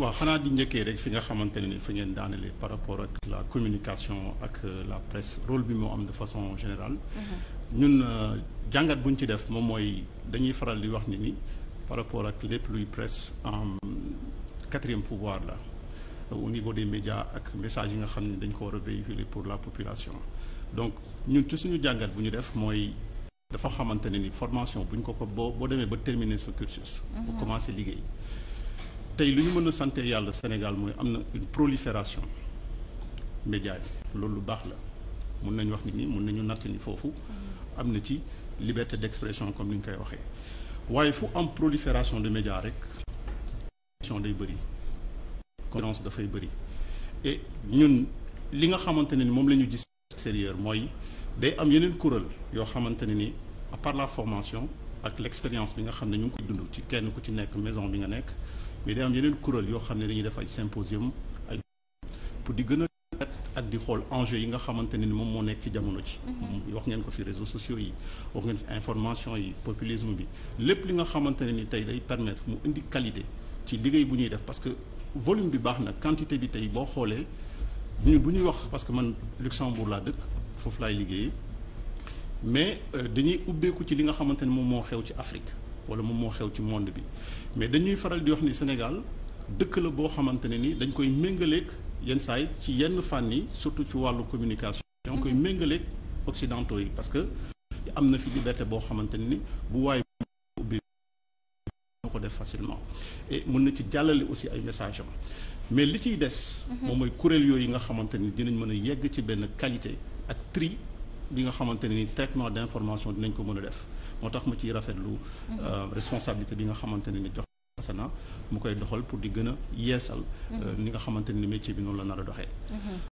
waaw xanaa di njëkkee rek fi nga xamante ne ni fi ngeen daanelee par rapport ak la communication ak euh, la presse role bi moo am de façon générale. Mm-hmm. ñun euh, jàngat bu ñu ci def moom mooy dañuy faral di wax ni ni par rapport ak lépp luy presse en quatrième pouvoir la euh, au niveau des médias ak message yi nga xam ne dañ ko war a véhiculer pour la population donc ñun ci suñu jàngat bu ñu def mooy dafa xamante ne ni formation bu ñu ko ko boo boo demee ba terminer sa cursus. Mm-hmm. bu commencer liggéey. tey lu ñu mën a sante yàlla Sénégal mooy am na une prolifération média yi loolu lu baax la mun nañu wax nit ñi mun nañu natt ni foofu am na ci liberté d'expression comme li ñu koy waxee waaye fu am prolifération de média rek compétition day bëri concurrence dafay bëri et ñun li nga xamante ne ni moom la ñu gis extérieur mooy day am yeneen kuréel yoo xamante ne ni à la formation ak l'expérience bi nga xam ne ñu ngi koy dund ci kenn ku ci nekk maison bi nga nekk mais day am yeneen kuréel yoo xam ne dañuy def ay symposium ay pour di gën a ak di xool enjeu yi nga xamante ne ni moom moo nekk ci jamono ci mm-hmm. wax ngeen ko fi réseaux sociaux yi wax ngeen fi information yi populisme bi lépp li nga xamante ne ni tey day permettre mu indi qualité ci liggéey bu ñuy def parce que volume bi baax na quantité bi tey boo xoolee ñun bu ñuy wax parce que man Luxembourg laa dëkk foofu laay liggéeyee mais euh, dañuy ubbeeku ci li nga xamante ne moom moo xew ci Afrique wala moom moo xew ci monde bi mais dañuy faral di wax ni Sénégal dëkk la boo xamante ne ni dañ koy méngaleeg yenn saay ci yenn fànni surtout ci wàllu communication. dañ koy mhm. méngaleeg occidentaux yi parce que am na fi liberté boo xamante ne ni bu waay ubbi noo ko def facilement et mën na ci jàllale aussi ay messages mais li ciy des. Mhm. moom mooy kuréel yooyu nga xamante ni dinañ mën a yegg ci benn qualité ak tri. bi nga xamante ni traitement d' information dinañ ko mën a def moo tax ma ciy rafetlu euh, responsabilité bi nga xamante ne ni jox na mu koy doxal pour di gën a yeesal mm-hmm. euh, ni nga xamante ne ni métier bi noonu la nar a doxee mm-hmm.